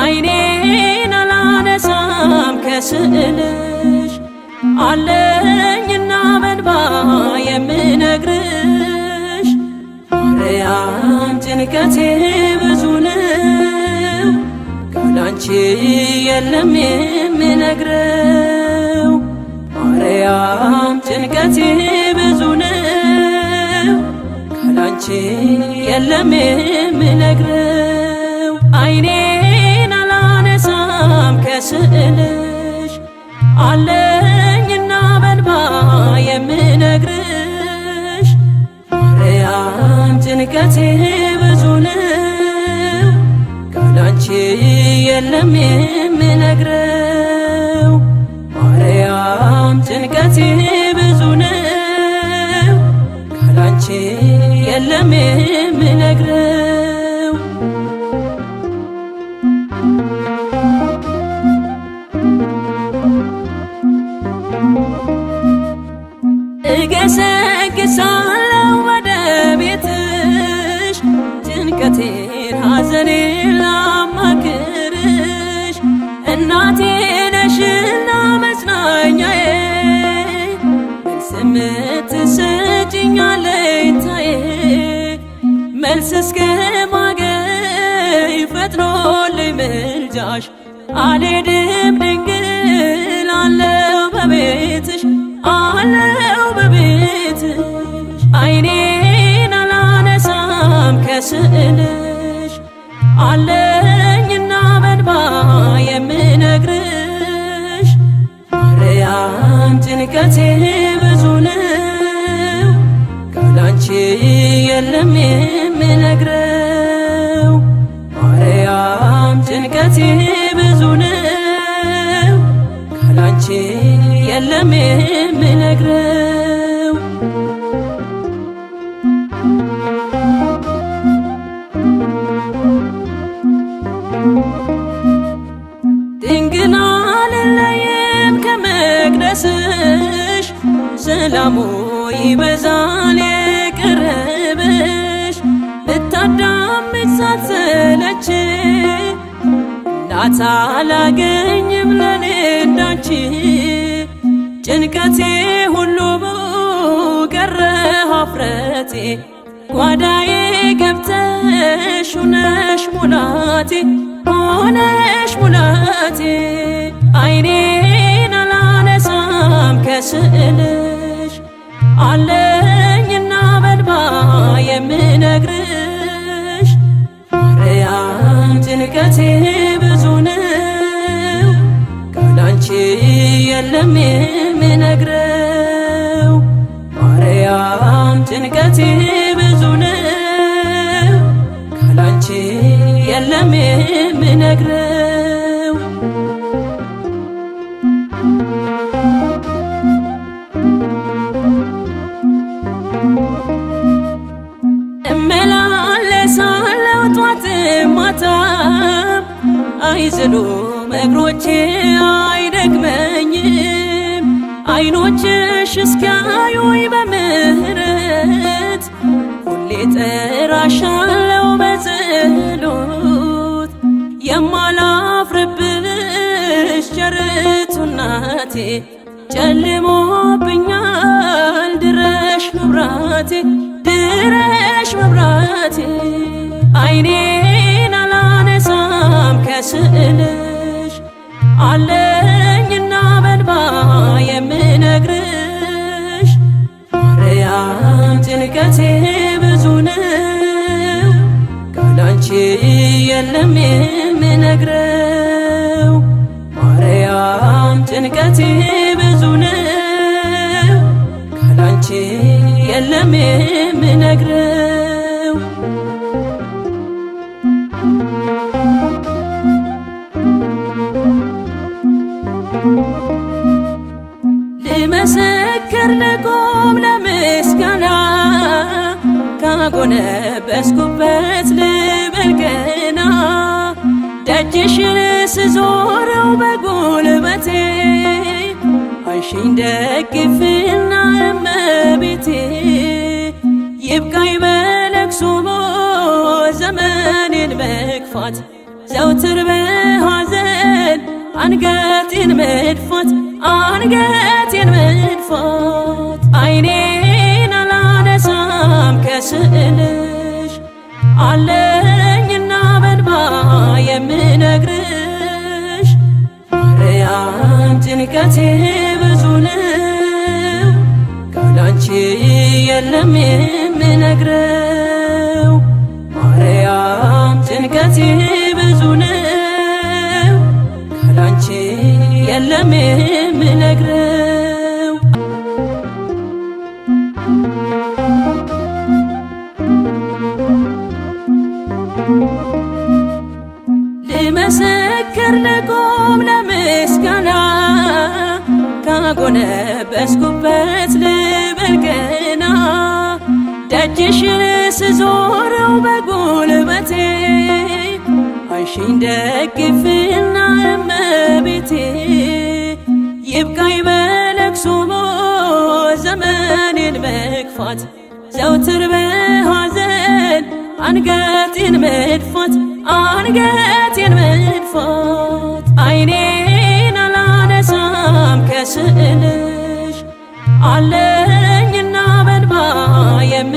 አይኔን አላነሳም ከስዕልሽ አለኝና በንባ የምነግርሽ ማርያም ጭንቀቴ ብዙ ነው ካላንቺ የለም የምነግርሽ ማርያም ጭንቀቴ ብዙ ነው፣ ካላንቺ የለም የምነግረው። አይኔን አላነሳም ከስዕልሽ አለኝና በልባ የምነግርሽ ማርያም ጭንቀቴ ብዙ ነው፣ ካላንቺ የለም የምነግረው ድካም ጭንቀቴ ብዙ ነው፣ ካላንቺ የለም የምነግረው። እገሰግሳለሁ ወደ ቤትሽ ጭንቀቴን ሐዘኔላ ፈጥኖልኝ ምልጃሽ አልሄድም ድንግል አለው በቤትሽ አለው በቤትሽ አይኔን አላነሳም ከስዕልሽ አለኝና በንባ የምነግርሽ ማርያም ጭንቀቴ ብዙ ነው ካላንቺ የለም ተሰለች እናት አላገኝም ለኔ እንዳንቺ ጭንቀቴ ሁሉ ቀረ ሀፍረቴ ጓዳዬ ገብተሽ ሁነሽ ሙላቴ ሆነሽ ሙላቴ አይኔን አላነሳም ከስዕልሽ አለኝና በልባ የምነግርሽ ጭንቀቴ ብዙ ነው ካላንቺ የለም የምነግረው ማርያም ጭንቀቴ ብዙ ነው ካላንቺ የለም የምነግረው እግሮቼ አይደክመኝም አይኖችሽ እስኪያዩኝ በምህረት ሁሌ ጥራሻለው በጸሎት የማላፍርብሽ ቸርቱ እናቴ ጨልሞብኛል ድረሽ መብራቴ ድረሽ መብራቴ አይኔን አላነሳም ከስዕል አለኝና በንባ የምነግርሽ ማርያም ጭንቀቴ ብዙ ነው ካላንቺ የለም የምነግረው ማርያም ጭንቀቴ ብዙ ነው ካላንቺ የለም የምነግረው ልመሰክር ልቁም ለምስጋና ካጎነበስኩበት ልበል ቀና ደጅሽን ስዞረው በጉልበቴ አንሽኝ ደግፊና እመቤቴ ይብቃኝ በለቅሶ ዘመኔን መግፋት ዘውትር በሐዘን አንገቴን መድፋት አንገቴን መድፋት አይኔን አላነሳም ከስዕልሽ አለኝና በንባ የምነግርሽ ማርያም ጭንቀቴ ብዙ ነው ካላንቺ የለም የምነግረው ማርያም ጭንቀቴ ብዙ ነው ካላንቺ የለም እጅሽን ስዞረው በጉልበቴ አንሺን ደግፍና እመቤቴ ይብቃኝ በለቅሶ ዘመኔን መግፋት ዘውትር በሐዘን አንገቴን መድፋት አንገቴን መድፋት አይኔን አላነሳም ከስዕልሽ አለኝና በልባ የም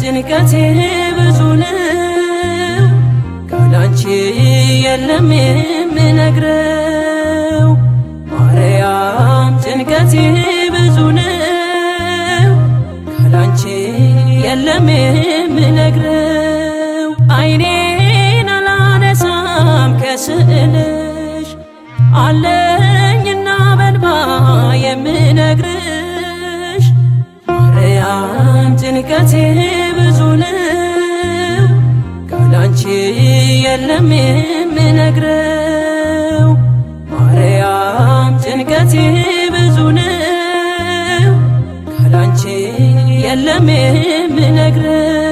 ጭንቀቴ ብዙ ነው ካላንቺ የለም የምነግረው ማርያም ጭንቀቴ ብዙ ነው ካላንቺ የለም የምነግረው አይኔን አላነሳም ከስዕልሽ አለኝና በልባ የምነግርሽ ማርያም ጭንቀቴ አንቺ የለም የምነግረው ማርያም ጭንቀቴ ብዙ ነው ካላንቺ የለም የምነግረው